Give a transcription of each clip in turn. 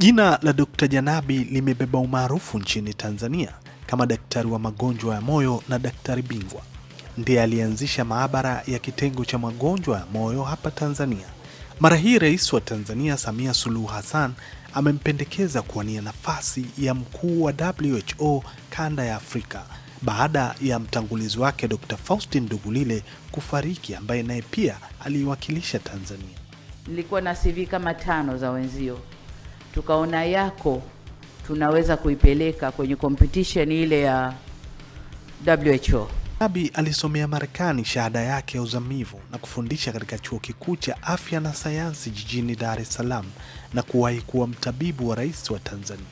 Jina la Dkt. Janabi limebeba umaarufu nchini Tanzania kama daktari wa magonjwa ya moyo na daktari bingwa. Ndiye alianzisha maabara ya kitengo cha magonjwa ya moyo hapa Tanzania. Mara hii Rais wa Tanzania Samia Suluhu Hassan amempendekeza kuwania nafasi ya mkuu wa WHO kanda ya Afrika baada ya mtangulizi wake Dr. Faustin Ndugulile kufariki ambaye naye pia aliiwakilisha Tanzania. Nilikuwa na CV kama tano za wenzio tukaona yako tunaweza kuipeleka kwenye competition ile ya WHO. Abi alisomea Marekani shahada yake ya uzamivu na kufundisha katika chuo kikuu cha afya na sayansi jijini Dar es Salaam na kuwahi kuwa mtabibu wa rais wa Tanzania.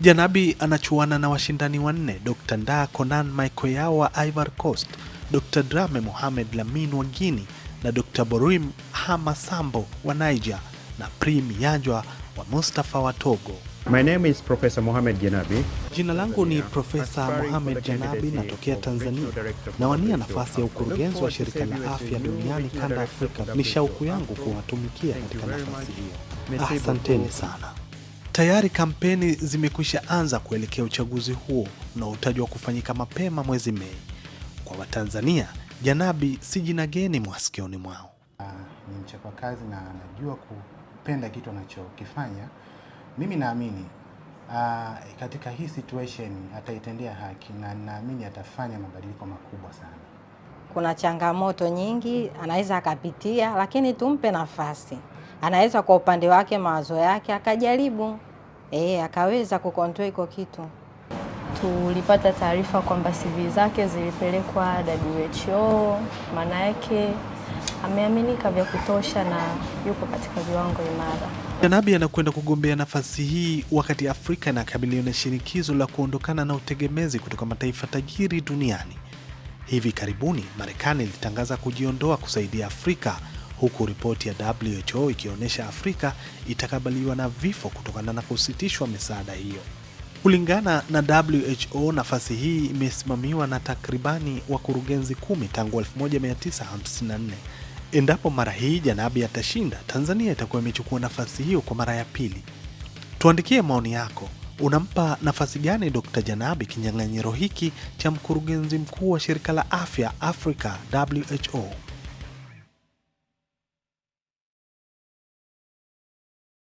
Janabi anachuana na washindani wanne, Dr. nda Konan Maikoyao wa Ivory Coast, Dr. Drame Mohamed Lamin wa Guinea na Dr. Borim Hama Sambo wa Niger na Prim Yanjwa wa Mustafa wa Togo. My name is Professor Mohamed Janabi. Jina langu ni Profesa Mohamed Janabi, natokea Tanzania. Nawania nafasi ya ukurugenzi wa shirika la afya duniani kanda Afrika. Ni shauku yangu kuwatumikia katika nafasi hiyo. Asanteni sana. Tayari kampeni zimekwisha anza kuelekea uchaguzi huo unaotajwa kufanyika mapema mwezi Mei. Kwa Watanzania, Janabi si jina geni mwasikioni mwao. Ah, ni mchapakazi na anajua ku kupenda kitu anachokifanya, mimi naamini uh, katika hii situation ataitendea haki na naamini atafanya mabadiliko makubwa sana. Kuna changamoto nyingi anaweza akapitia, lakini tumpe nafasi. Anaweza kwa upande wake mawazo yake akajaribu, eh, akaweza kukontrol iko kitu. Tulipata taarifa kwamba CV zake zilipelekwa WHO, maana yake ameaminika vya kutosha na yuko katika viwango imara. Janabi anakwenda kugombea nafasi hii wakati Afrika inakabiliwa na shinikizo la kuondokana na utegemezi kutoka mataifa tajiri duniani. Hivi karibuni Marekani ilitangaza kujiondoa kusaidia Afrika huku ripoti ya WHO ikionyesha Afrika itakabiliwa na vifo kutokana na kusitishwa misaada hiyo. Kulingana na WHO, nafasi hii imesimamiwa na takribani wakurugenzi kumi tangu 1954 Endapo mara hii Janabi atashinda, Tanzania itakuwa imechukua nafasi hiyo kwa mara ya pili. Tuandikie maoni yako. Unampa nafasi gani Dkt. Janabi kinyang'anyiro hiki cha mkurugenzi mkuu wa shirika la afya Afrika WHO?